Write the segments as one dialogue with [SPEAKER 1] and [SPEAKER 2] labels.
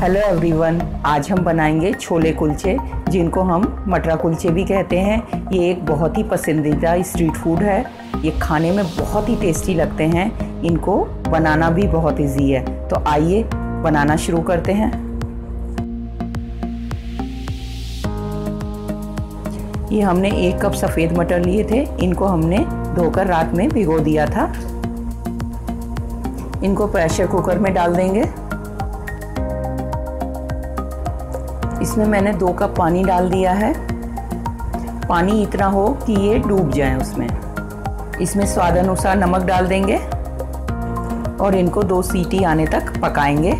[SPEAKER 1] hello everyone आज हम बनाएंगे छोले कुलचे जिनको हम मटरा कुलचे भी कहते हैं ये एक बहुत ही पसंदीदा स्ट्रीट फूड है ये खाने में बहुत ही टेस्टी लगते हैं इनको बनाना भी बहुत इजी है तो आइए बनाना शुरू करते हैं ये हमने एक कप सफ़ेद मटर लिए थे इनको हमने धोकर रात में भिगो दिया था इनको प्रेशर कुकर में डाल देंगे इसमें मैंने दो कप पानी डाल दिया है पानी इतना हो कि ये डूब जाए उसमें इसमें स्वाद अनुसार नमक डाल देंगे और इनको दो सीटी आने तक पकाएंगे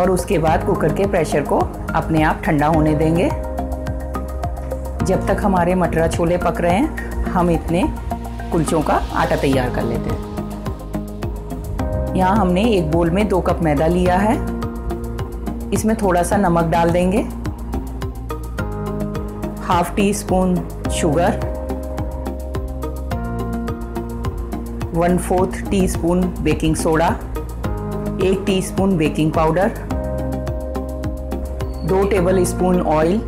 [SPEAKER 1] और उसके बाद कुकर के प्रेशर को अपने आप ठंडा होने देंगे जब तक हमारे मटरा छोले पक रहे हैं हम इतने कुलचों का आटा तैयार कर लेते हैं यहाँ हमने एक बोल में दो कप मैदा लिया है इसमें थोड़ा सा नमक डाल देंगे half teaspoon sugar one fourth teaspoon baking soda एक टी स्पून बेकिंग पाउडर दो टेबल स्पून ऑयल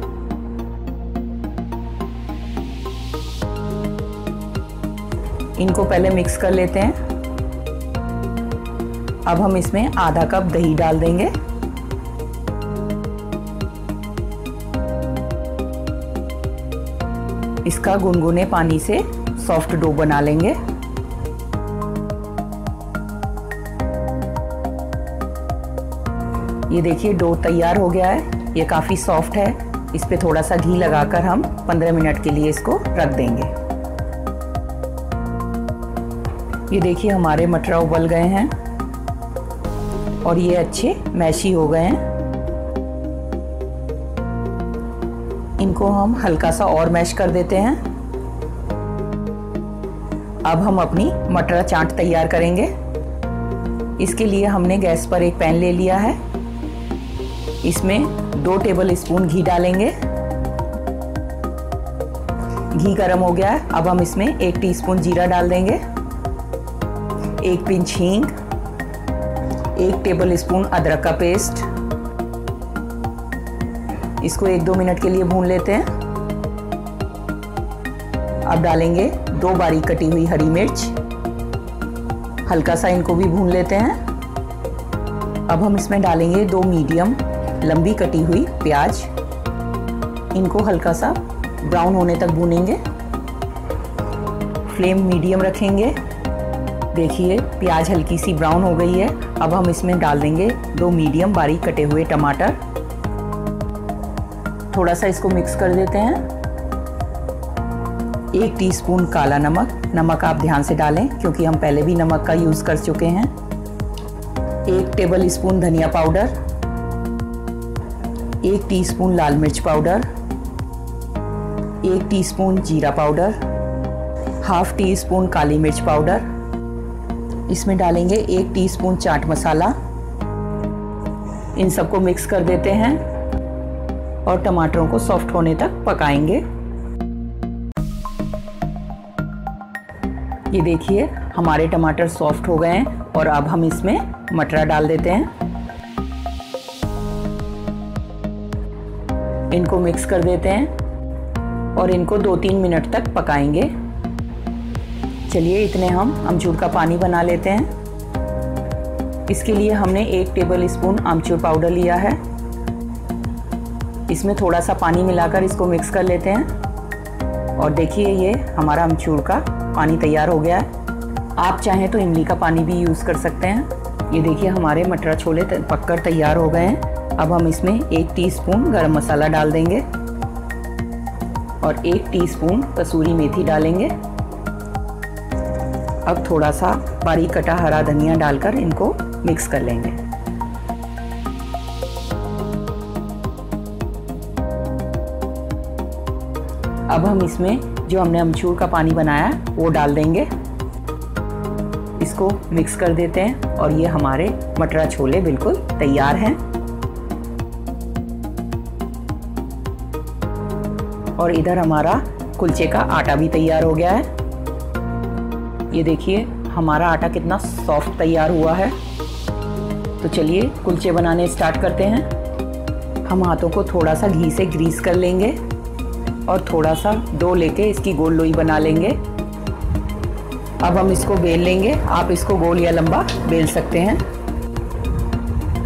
[SPEAKER 1] इनको पहले मिक्स कर लेते हैं अब हम इसमें आधा कप दही डाल देंगे इसका गुनगुने पानी से सॉफ्ट डो बना लेंगे ये देखिए डो तैयार हो गया है ये काफ़ी सॉफ्ट है इस पर थोड़ा सा घी लगाकर हम 15 मिनट के लिए इसको रख देंगे ये देखिए हमारे मटरा उबल गए हैं और ये अच्छे मैशी हो गए हैं इनको हम हल्का सा और मैश कर देते हैं अब हम अपनी मटरा चाट तैयार करेंगे इसके लिए हमने गैस पर एक पैन ले लिया है इसमें दो टेबल स्पून घी डालेंगे घी गर्म हो गया है अब हम इसमें एक टीस्पून जीरा डाल देंगे एक पिंच हींग एक टेबल स्पून अदरक का पेस्ट इसको एक दो मिनट के लिए भून लेते हैं अब डालेंगे दो बारीक कटी हुई हरी मिर्च हल्का सा इनको भी भून लेते हैं अब हम इसमें डालेंगे दो मीडियम लंबी कटी हुई प्याज इनको हल्का सा ब्राउन होने तक भूनेंगे फ्लेम मीडियम रखेंगे देखिए प्याज हल्की सी ब्राउन हो गई है अब हम इसमें डाल देंगे दो मीडियम बारीक कटे हुए टमाटर थोड़ा सा इसको मिक्स कर देते हैं एक टीस्पून काला नमक नमक आप ध्यान से डालें क्योंकि हम पहले भी नमक का यूज़ कर चुके हैं एक टेबल स्पून धनिया पाउडर एक टीस्पून लाल मिर्च पाउडर एक टीस्पून जीरा पाउडर हाफ टी स्पून काली मिर्च पाउडर इसमें डालेंगे एक टीस्पून चाट मसाला इन सबको मिक्स कर देते हैं और टमाटरों को सॉफ्ट होने तक पकाएंगे ये देखिए हमारे टमाटर सॉफ्ट हो गए हैं और अब हम इसमें मटरा डाल देते हैं इनको मिक्स कर देते हैं और इनको दो तीन मिनट तक पकाएंगे चलिए इतने हम अमचूर का पानी बना लेते हैं इसके लिए हमने एक टेबल स्पून आमचूर पाउडर लिया है इसमें थोड़ा सा पानी मिलाकर इसको मिक्स कर लेते हैं और देखिए ये हमारा अमचूर का पानी तैयार हो गया है आप चाहें तो इमली का पानी भी यूज़ कर सकते हैं ये देखिए हमारे मटरा छोले पककर तैयार हो गए हैं अब हम इसमें एक टीस्पून गरम मसाला डाल देंगे और एक टीस्पून कसूरी मेथी डालेंगे अब थोड़ा सा बारीक कटा हरा धनिया डालकर इनको मिक्स कर लेंगे अब हम इसमें जो हमने अमचूर का पानी बनाया है वो डाल देंगे इसको मिक्स कर देते हैं और ये हमारे मटरा छोले बिल्कुल तैयार हैं और इधर हमारा कुलचे का आटा भी तैयार हो गया है ये देखिए हमारा आटा कितना सॉफ्ट तैयार हुआ है तो चलिए कुलचे बनाने स्टार्ट करते हैं हम हाथों को थोड़ा सा घी से ग्रीस कर लेंगे और थोड़ा सा दो लेके इसकी गोल लोई बना लेंगे अब हम इसको बेल लेंगे आप इसको गोल या लंबा बेल सकते हैं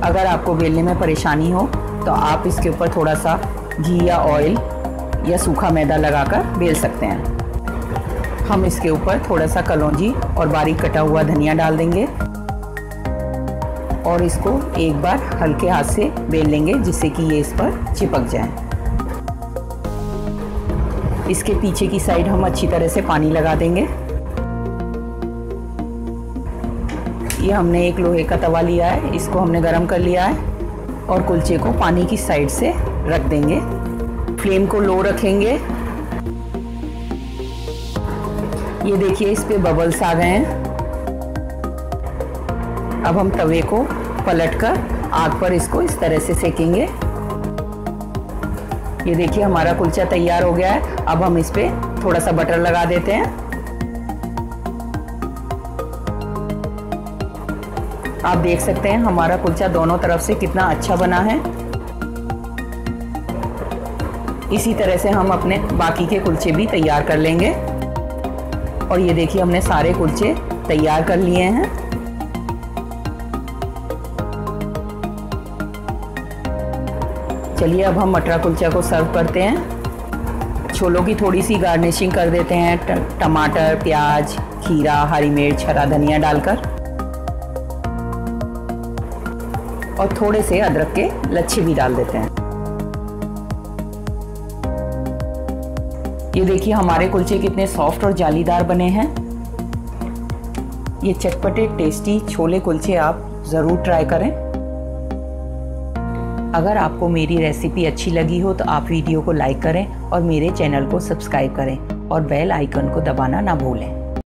[SPEAKER 1] अगर आपको बेलने में परेशानी हो तो आप इसके ऊपर थोड़ा सा घी या ऑयल या सूखा मैदा लगाकर बेल सकते हैं हम इसके ऊपर थोड़ा सा कलौजी और बारीक कटा हुआ धनिया डाल देंगे और इसको एक बार हल्के हाथ से बेल लेंगे जिससे कि ये इस पर चिपक जाए इसके पीछे की साइड हम अच्छी तरह से पानी लगा देंगे ये हमने एक लोहे का तवा लिया है इसको हमने गरम कर लिया है और कुलचे को पानी की साइड से रख देंगे फ्लेम को लो रखेंगे ये देखिए इस पर बबल्स आ गए हैं अब हम तवे को पलटकर आग पर इसको इस तरह से सेकेंगे ये देखिए हमारा कुलचा तैयार हो गया है अब हम इस पर थोड़ा सा बटर लगा देते हैं आप देख सकते हैं हमारा कुलचा दोनों तरफ से कितना अच्छा बना है इसी तरह से हम अपने बाकी के कुलचे भी तैयार कर लेंगे और ये देखिए हमने सारे कुलचे तैयार कर लिए हैं चलिए अब हम मटरा कुलचा को सर्व करते हैं छोलों की थोड़ी सी गार्निशिंग कर देते हैं टमाटर प्याज खीरा हरी मिर्च हरा धनिया डालकर और थोड़े से अदरक के लच्छे भी डाल देते हैं ये देखिए हमारे कुलचे कितने सॉफ्ट और जालीदार बने हैं ये चटपटे टेस्टी छोले कुलचे आप ज़रूर ट्राई करें अगर आपको मेरी रेसिपी अच्छी लगी हो तो आप वीडियो को लाइक करें और मेरे चैनल को सब्सक्राइब करें और बेल आइकन को दबाना ना भूलें